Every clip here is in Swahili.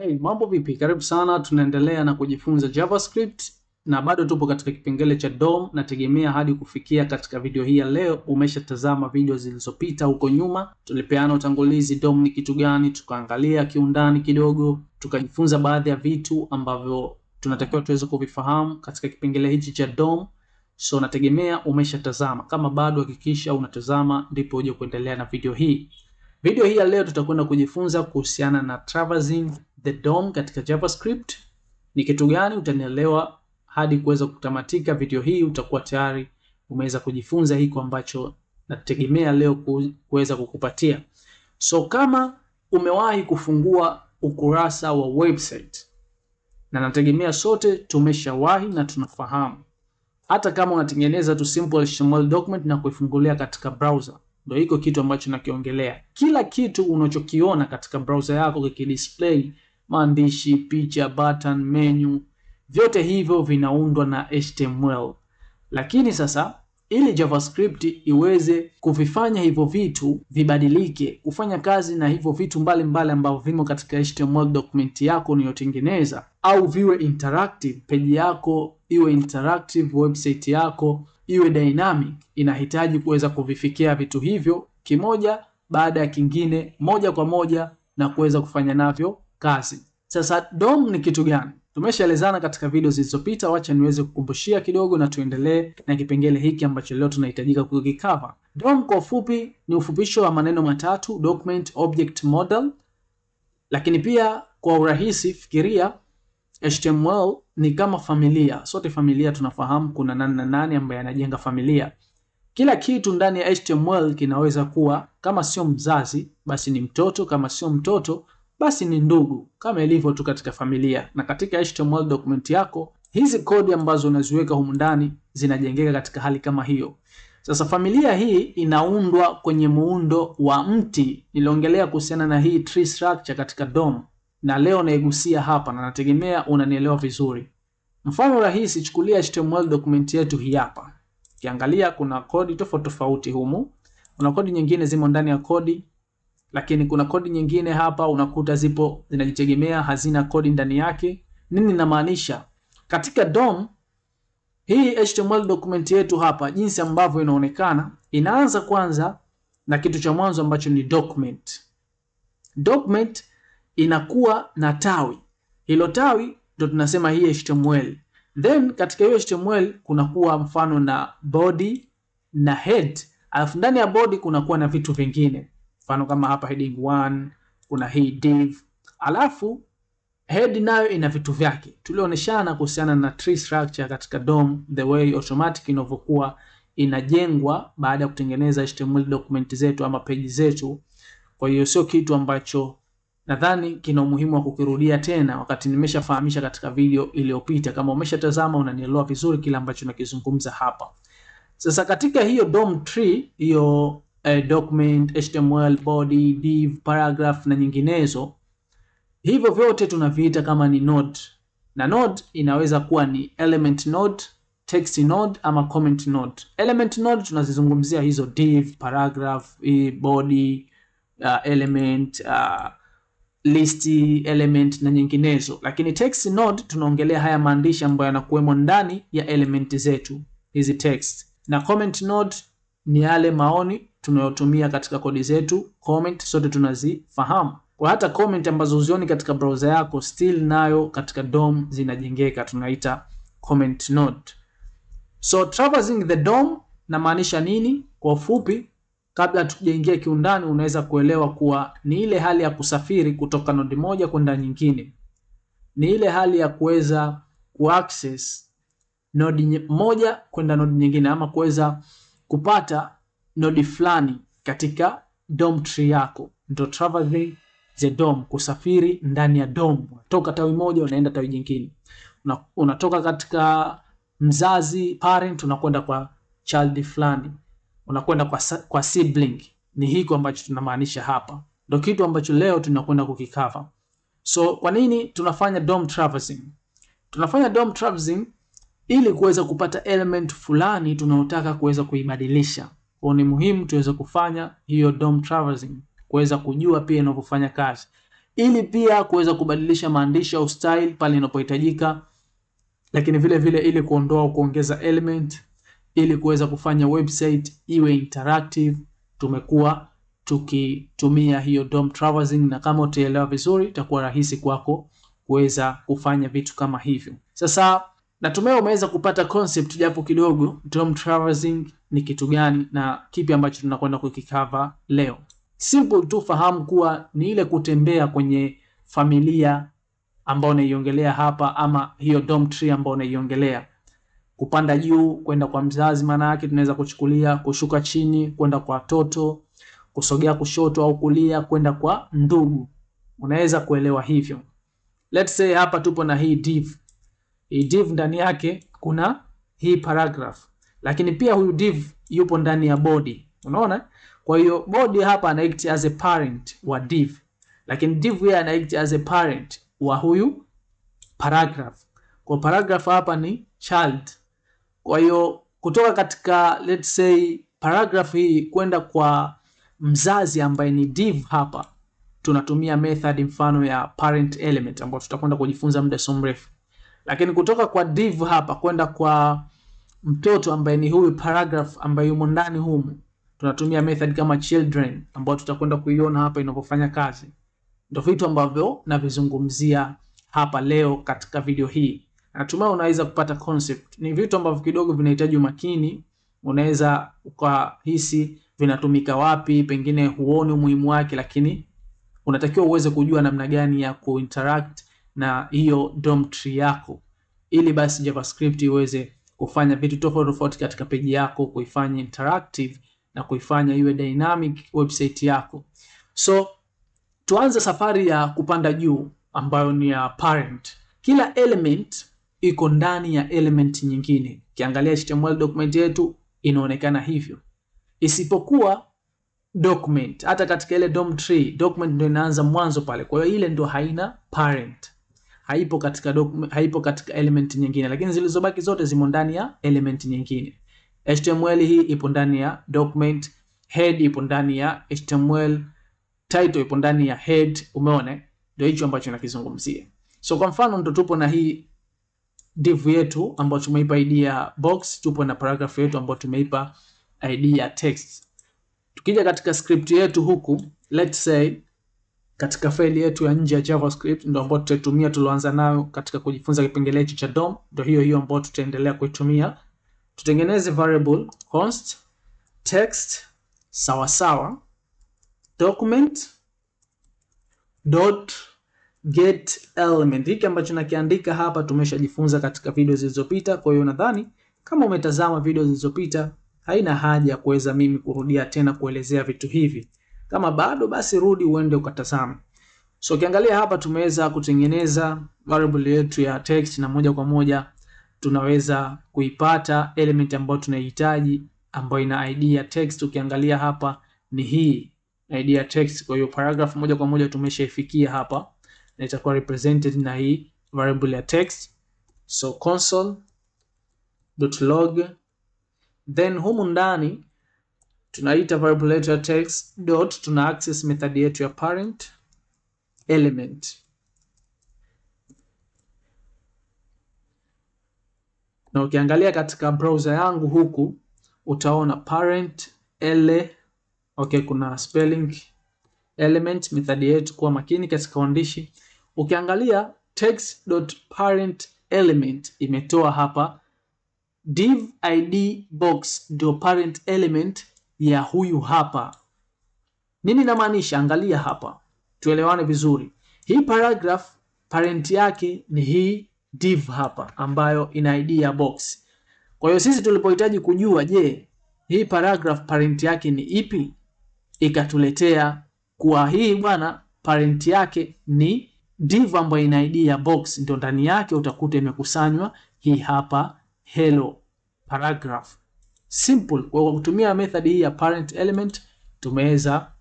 Hey, mambo vipi? Karibu sana, tunaendelea na kujifunza JavaScript na bado tupo katika kipengele cha DOM. Nategemea hadi kufikia katika video hii ya leo umeshatazama video zilizopita huko nyuma. Tulipeana utangulizi DOM ni kitu gani, tukaangalia kiundani kidogo, tukajifunza baadhi ya vitu ambavyo tunatakiwa tuweze kuvifahamu katika kipengele hichi cha DOM. So nategemea umeshatazama, kama bado hakikisha unatazama ndipo uje kuendelea na video hii. Video hii ya leo tutakwenda kujifunza kuhusiana na traversing the DOM katika JavaScript ni kitu gani, utanielewa hadi kuweza kutamatika video hii. Utakuwa tayari umeweza kujifunza hiko ambacho nategemea leo kuweza kukupatia. So kama umewahi kufungua ukurasa wa website, na nategemea sote tumeshawahi na tunafahamu, hata kama unatengeneza tu simple HTML document na kuifungulia katika browser ndio hiko kitu ambacho nakiongelea. Kila kitu unachokiona katika browser yako kikidisplay maandishi, picha, button, menu, vyote hivyo vinaundwa na HTML. Lakini sasa ili JavaScript iweze kuvifanya hivyo vitu vibadilike kufanya kazi na hivyo vitu mbalimbali ambavyo vimo katika HTML document yako unayotengeneza, au viwe interactive, page yako iwe interactive, website yako iwe dynamic, inahitaji kuweza kuvifikia vitu hivyo kimoja baada ya kingine, moja kwa moja na kuweza kufanya navyo kazi. Sasa DOM ni kitu gani? Tumeshaelezana katika video zilizopita, wacha niweze kukumbushia kidogo na tuendelee na kipengele hiki ambacho leo tunahitajika kukikava. DOM kwa ufupi ni ufupisho wa maneno matatu, document object model. Lakini pia kwa urahisi fikiria HTML ni kama familia. Sote familia tunafahamu kuna nani na nani ambaye anajenga familia. Kila kitu ndani ya HTML kinaweza kuwa kama sio mzazi basi ni mtoto, kama sio mtoto basi ni ndugu, kama ilivyo tu katika familia. Na katika HTML document yako hizi kodi ambazo unaziweka humu ndani zinajengeka katika hali kama hiyo. Sasa familia hii inaundwa kwenye muundo wa mti. Niliongelea kuhusiana na hii tree structure katika DOM na leo naigusia hapa, na nategemea unanielewa vizuri. Mfano rahisi, chukulia HTML document yetu hii hapa. Ukiangalia kuna kodi tofauti tofauti humu, kuna kodi nyingine zimo ndani ya kodi lakini kuna kodi nyingine hapa unakuta zipo zinajitegemea, hazina kodi ndani yake. Nini namaanisha? Katika DOM hii HTML document yetu hapa, jinsi ambavyo inaonekana, inaanza kwanza na kitu cha mwanzo ambacho ni document. Document inakuwa na tawi, hilo tawi ndo tunasema hii HTML. Then katika hiyo HTML kunakuwa mfano na body na head, alafu ndani ya body kunakuwa na vitu vingine mfano kama hapa heading 1 kuna hii div, alafu head nayo ina vitu vyake. Tulioneshana kuhusiana na tree structure katika DOM, the way automatic inavyokuwa inajengwa baada ya kutengeneza HTML document zetu ama page zetu. Kwa hiyo sio kitu ambacho nadhani kina umuhimu wa kukirudia tena, wakati nimeshafahamisha katika video iliyopita. Kama umeshatazama unanielewa vizuri kile ambacho nakizungumza hapa. Sasa katika hiyo DOM tree hiyo eh, document, HTML, body, div, paragraph na nyinginezo. Hivyo vyote tunaviita kama ni node, na node inaweza kuwa ni element node, text node ama comment node. Element node tunazizungumzia hizo div, paragraph, body, uh, element uh, list element na nyinginezo, lakini text node tunaongelea haya maandishi ambayo yanakuwemo ndani ya element zetu hizi text, na comment node ni yale maoni tunayotumia katika kodi zetu, comment sote tunazifahamu. Kwa hata comment ambazo uzioni katika browser yako still nayo katika DOM zinajengeka, tunaita comment node. So traversing the DOM namaanisha nini? Kwa ufupi, kabla tujaingia kiundani, unaweza kuelewa kuwa ni ile hali ya kusafiri kutoka node moja kwenda nyingine, ni ile hali ya kuweza kuaccess node moja kwenda node nyingine ama kuweza kupata nodi fulani katika DOM tree yako, ndo traverse the DOM, kusafiri ndani ya DOM. Unatoka tawi moja unaenda tawi jingine, unatoka katika mzazi parent unakwenda kwa child fulani, unakwenda kwa, kwa sibling. Ni hiko ambacho tunamaanisha hapa, ndo kitu ambacho leo tunakwenda kukikava. So kwa nini tunafanya DOM traversing? Tunafanya DOM traversing ili kuweza kupata element fulani tunayotaka kuweza kuibadilisha kwa ni muhimu tuweze kufanya hiyo DOM traversing kuweza kujua pia inavyofanya kazi, ili pia kuweza kubadilisha maandishi au style pale inapohitajika, lakini vile vile ili kuondoa au kuongeza element, ili kuweza kufanya website iwe interactive. Tumekuwa tukitumia hiyo DOM traversing, na kama utaelewa vizuri itakuwa rahisi kwako kuweza kufanya vitu kama hivyo sasa Natumai umeweza kupata concept japo kidogo term traversing ni kitu gani na kipi ambacho tunakwenda kukikava leo. Simple tu fahamu kuwa ni ile kutembea kwenye familia ambayo naiongelea hapa, ama hiyo dom tree ambayo naiongelea, Kupanda juu kwenda kwa mzazi, maana yake tunaweza kuchukulia kushuka chini kwenda kwa watoto, kusogea kushoto au kulia kwenda kwa ndugu. Unaweza kuelewa hivyo. Let's say hapa tupo na hii div hii div ndani yake kuna hii paragraph, lakini pia huyu div yupo ndani ya body. Unaona, kwa hiyo body hapa ana act as a parent wa div, lakini div yeye ana act as a parent wa huyu paragraph. Kwa paragraph hapa ni child. Kwa hiyo kutoka katika let's say paragraph hii kwenda kwa mzazi ambaye ni div hapa tunatumia method mfano ya parent element ambayo tutakwenda kujifunza muda si mrefu. Lakini kutoka kwa div hapa kwenda kwa mtoto ambaye ni huyu paragraph ambaye yumo ndani humu, tunatumia method kama children ambayo tutakwenda kuiona hapa inavyofanya kazi. Ndio vitu ambavyo navizungumzia hapa leo katika video hii. Natumai unaweza kupata concept. Ni vitu ambavyo kidogo vinahitaji umakini, unaweza ukahisi vinatumika wapi, pengine huoni umuhimu wake, lakini unatakiwa uweze kujua namna gani ya kuinteract na hiyo DOM tree yako, ili basi JavaScript iweze kufanya vitu tofauti tofauti katika peji yako, kuifanya interactive na kuifanya iwe dynamic website yako. So tuanze safari ya kupanda juu ambayo ni ya parent. Kila element iko ndani ya element nyingine. Ukiangalia HTML document yetu inaonekana hivyo, isipokuwa document. Hata katika ile DOM tree document ndio inaanza mwanzo pale, kwa hiyo ile ndio haina parent haipo katika document, haipo katika element nyingine, lakini zilizobaki zote zimo ndani ya element nyingine. HTML hii ipo ndani ya document, head ipo ndani ya HTML, title ipo ndani ya head. Umeona, ndio hicho ambacho nakizungumzia. So kwa mfano ndo tupo na hii div yetu ambayo tumeipa id ya box, tupo na paragraph yetu ambayo tumeipa id ya text. Tukija katika script yetu huku, let's say katika faili yetu ya nje ya JavaScript ndio ambayo tutaitumia tuloanza nayo katika kujifunza kipengele hichi cha DOM, ndio hiyo hiyo ambayo tutaendelea kuitumia. Tutengeneze variable const text sawa sawa document dot get element. Hiki ambacho nakiandika hapa tumeshajifunza katika video zilizopita, kwa hiyo nadhani kama umetazama video zilizopita haina haja ya kuweza mimi kurudia tena kuelezea vitu hivi. Kama bado basi rudi uende ukatazame. So ukiangalia hapa tumeweza kutengeneza variable yetu ya text na moja kwa moja tunaweza kuipata element ambayo tunahitaji ambayo ina id ya text. Ukiangalia hapa ni hii id ya text, kwa hiyo paragraph moja kwa moja tumeshaifikia hapa na itakuwa represented na hii variable ya text. So console.log then humu ndani tunaita variable letter text dot, tuna access method yetu ya parent element na ukiangalia katika browser yangu huku utaona parent ele, okay, kuna spelling element method yetu. Kuwa makini katika uandishi. Ukiangalia text.parent element imetoa hapa div id box ndio parent element ya huyu hapa. Nini namaanisha? Angalia hapa, tuelewane vizuri. Hii paragraph parent yake ni hii div hapa, ambayo ina id ya box. Kwa hiyo sisi tulipohitaji kujua, je, hii paragraph parent yake ni ipi, ikatuletea kuwa hii bwana parent yake ni div ambayo ina id ya box, ndio ndani yake utakuta imekusanywa hii hapa hello paragraph simple. Kwa kutumia method hii ya parent element tumeweza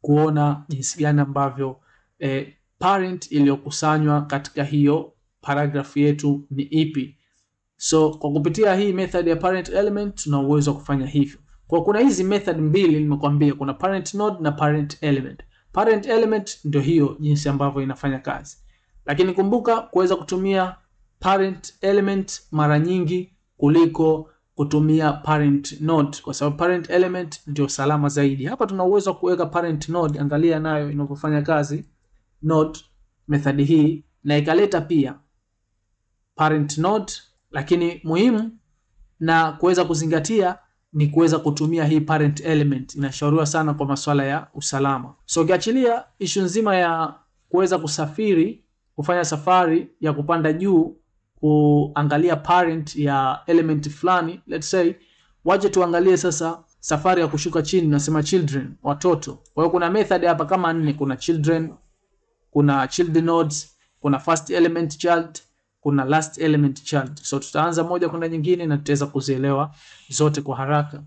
kuona jinsi gani ambavyo eh, parent iliyokusanywa katika hiyo paragraph yetu ni ipi. So kwa kupitia hii method ya parent element tuna uwezo wa kufanya hivyo. Kwa kuna hizi method mbili nimekwambia, kuna parent node na parent element. Parent element ndio hiyo jinsi ambavyo inafanya kazi, lakini kumbuka kuweza kutumia parent element mara nyingi kuliko kutumia parent node, kwa sababu parent element ndio salama zaidi. Hapa tuna uwezo wa kuweka parent node, angalia nayo inavyofanya kazi node method hii, na ikaleta pia parent node, lakini muhimu na kuweza kuzingatia ni kuweza kutumia hii parent element, inashauriwa sana kwa masuala ya usalama. So ukiachilia ishu nzima ya kuweza kusafiri kufanya safari ya kupanda juu kuangalia parent ya element fulani, let's say waje tuangalie sasa safari ya kushuka chini, nasema children, watoto. Kwa hiyo kuna method hapa kama nne, kuna children, kuna child nodes, kuna first element child, kuna last element child. So tutaanza moja kwenda nyingine na tutaweza kuzielewa zote kwa haraka.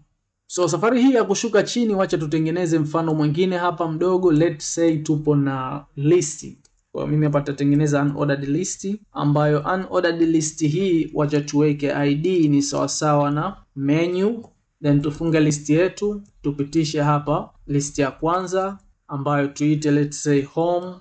So safari hii ya kushuka chini, wacha tutengeneze mfano mwingine hapa mdogo, let's say tupo na list. Kwa hiyo mimi hapa tutatengeneza unordered list ambayo unordered list hii wacha tuweke id ni sawasawa na menu, then tufunge list yetu, tupitishe hapa list ya kwanza ambayo tuite let's say home,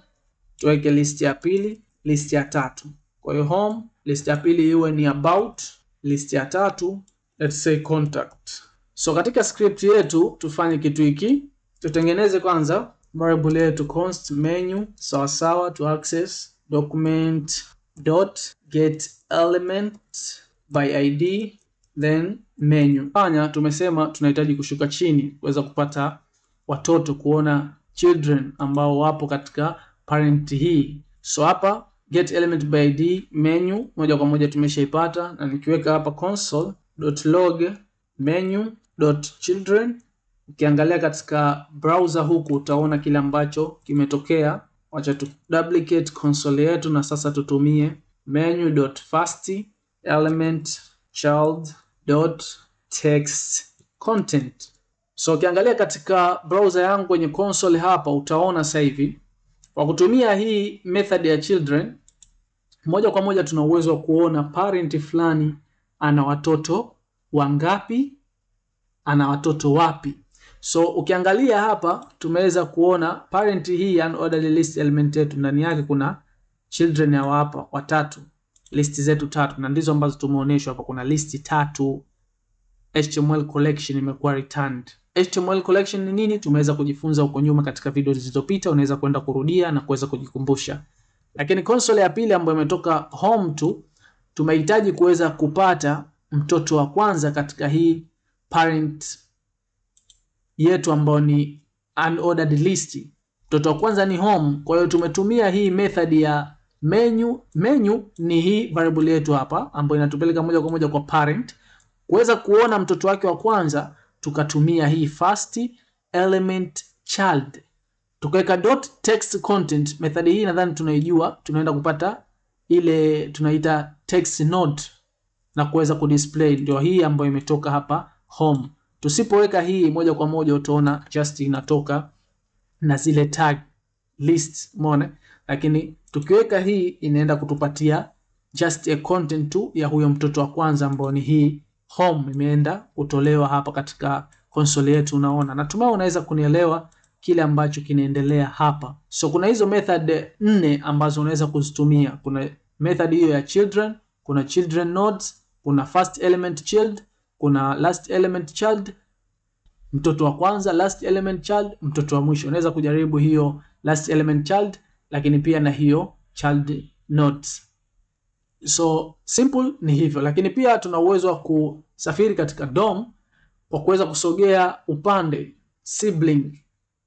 tuweke list ya pili, list ya tatu. Kwa hiyo home, list ya pili iwe ni about, list ya tatu let's say contact. So katika script yetu tufanye kitu hiki, tutengeneze kwanza variable yetu const menu sawasawa to access document dot get element by id then menu. Fanya tumesema tunahitaji kushuka chini kuweza kupata watoto, kuona children ambao wapo katika parent hii. So hapa get element by id menu moja kwa moja tumeshaipata, na nikiweka hapa console.log menu.children Ukiangalia katika browser huku utaona kile ambacho kimetokea. Wacha tu duplicate console yetu na sasa tutumie menu.first element child.text content. So ukiangalia katika browser yangu kwenye console hapa utaona sasa hivi kwa kutumia hii method ya children moja kwa moja tuna uwezo wa kuona parent fulani ana watoto wangapi, ana watoto wapi. So ukiangalia hapa tumeweza kuona parent hii ya orderly list element yetu ndani yake kuna children hawa hapa watatu, list zetu tatu na ndizo ambazo tumeonyeshwa hapa. Kuna listi tatu. HTML collection imekuwa returned. HTML collection ni nini? Tumeweza kujifunza huko nyuma katika video zilizopita, unaweza kwenda kurudia na kuweza kujikumbusha. Lakini console ya pili ambayo imetoka home tu, tumehitaji kuweza kupata mtoto wa kwanza katika hii parent yetu ambayo ni unordered list. Mtoto wa kwanza ni home, kwa hiyo tumetumia hii method ya menu. Menu ni hii variable yetu hapa ambayo inatupeleka moja kwa moja kwa parent kuweza kuona mtoto wake wa kwanza, tukatumia hii first element child tukaweka dot text content. Method hii nadhani tunaijua, tunaenda kupata ile tunaita text node na kuweza kudisplay, ndio hii ambayo imetoka hapa home. Tusipoweka hii moja kwa moja utaona just inatoka na zile tag list, umeona. Lakini tukiweka hii inaenda kutupatia just a content tu ya huyo mtoto wa kwanza ambao ni hii home imeenda kutolewa hapa katika console yetu, unaona. Natumai unaweza kunielewa kile ambacho kinaendelea hapa. So kuna hizo method nne ambazo unaweza kuzitumia. Kuna method hiyo ya children, kuna children nodes, kuna first element child kuna last element child, mtoto wa kwanza, last element child, mtoto wa mwisho. Unaweza kujaribu hiyo last element child, lakini pia na hiyo child not. So simple ni hivyo, lakini pia tuna uwezo wa kusafiri katika DOM kwa kuweza kusogea upande sibling.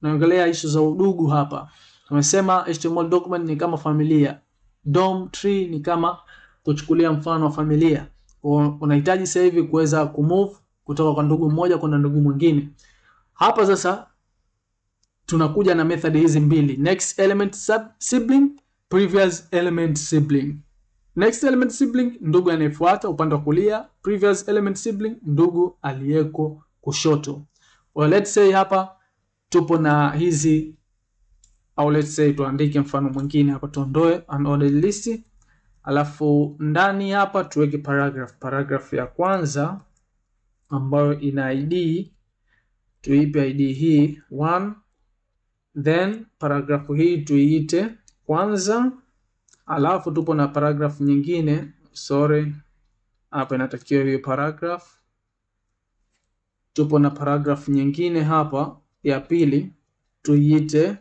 Naongelea issue za udugu hapa. Tumesema HTML document ni kama familia, DOM tree ni kama kuchukulia mfano wa familia unahitaji sasa hivi kuweza kumove kutoka kwa ndugu mmoja kwenda ndugu mwingine. Hapa sasa tunakuja na method hizi mbili, next element sub sibling, previous element sibling. Next element sibling, ndugu anayefuata upande wa kulia, previous element sibling, ndugu aliyeko kushoto. Well, let's say hapa tupo na hizi au let's say tuandike mfano mwingine hapa, tuondoe unordered list Alafu ndani hapa tuweke paragraph. Paragraph ya kwanza ambayo ina id tuipe id hii one, then paragraph hii tuiite kwanza, alafu tupo na paragraph nyingine. Sorry, hapa inatakiwa hiyo paragraph. Tupo na paragraph nyingine hapa ya pili tuiite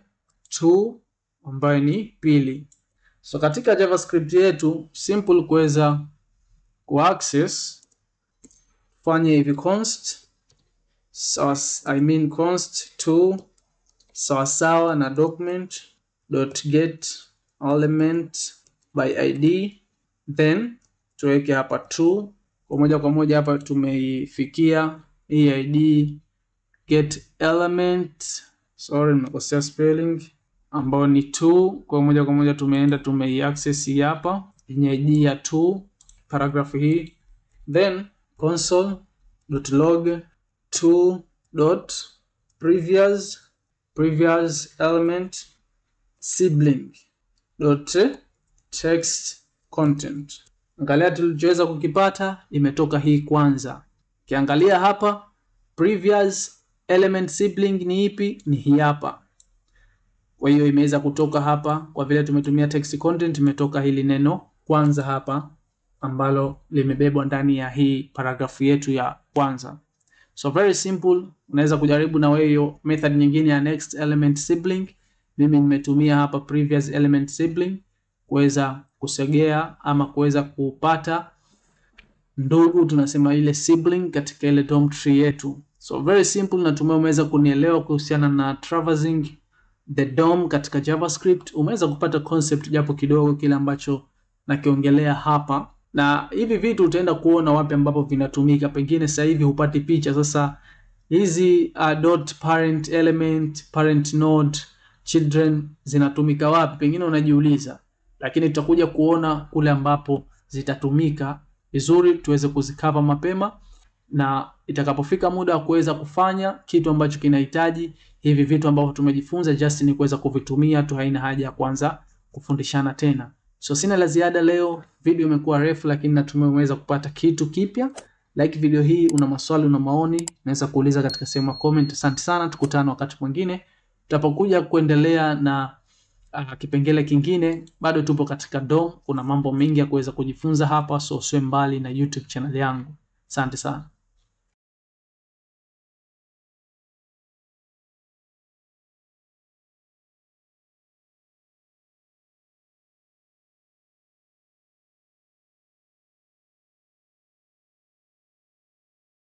two ambayo ni pili So katika JavaScript yetu simple kuweza access fanye hivi const sawa, I mean const to sawasawa na document dot get element by id then tuweke hapa true. Kwa moja kwa moja hapa tumeifikia hii id get element, sorry nimekosea spelling ambao ni 2 kwa moja kwa moja tumeenda tumeiaccess hii hapa yenye id ya 2 paragraph hii, then console.log 2.previous previous element sibling dot text content. Angalia tulichoweza kukipata, imetoka hii kwanza. Ukiangalia hapa previous element sibling ni ipi? Ni hii hapa. Kwa hiyo imeweza kutoka hapa, kwa vile tumetumia text content, imetoka hili neno kwanza hapa ambalo limebebwa ndani ya hii paragrafu yetu ya kwanza. So very simple, unaweza kujaribu na wewe method nyingine ya next element sibling. Mimi nimetumia hapa previous element sibling kuweza kusegea ama kuweza kupata ndugu, tunasema ile sibling katika ile DOM tree yetu. So very simple, natumai umeweza kunielewa kuhusiana na traversing the DOM katika JavaScript. Umeweza kupata concept japo kidogo kile ambacho nakiongelea hapa, na hivi vitu utaenda kuona wapi ambapo vinatumika. Pengine sasa hivi hupati picha. Sasa hizi uh, dot parent element, parent node, children zinatumika wapi? Pengine unajiuliza, lakini tutakuja kuona kule ambapo zitatumika vizuri, tuweze kuzikava mapema na itakapofika muda wa kuweza kufanya kitu ambacho kinahitaji hivi vitu ambavyo tumejifunza just ni kuweza kuvitumia tu, haina haja ya kwanza kufundishana tena. So sina la ziada leo, video imekuwa refu, lakini natumai umeweza kupata kitu kipya. Like video hii, una maswali una maoni, unaweza kuuliza katika sehemu ya comment. Asante sana, tukutane wakati mwingine tutapokuja kuendelea na uh, kipengele kingine. Bado tupo katika DOM, kuna mambo mengi ya kuweza kujifunza hapa, so usiwe mbali na YouTube channel yangu. Asante sana.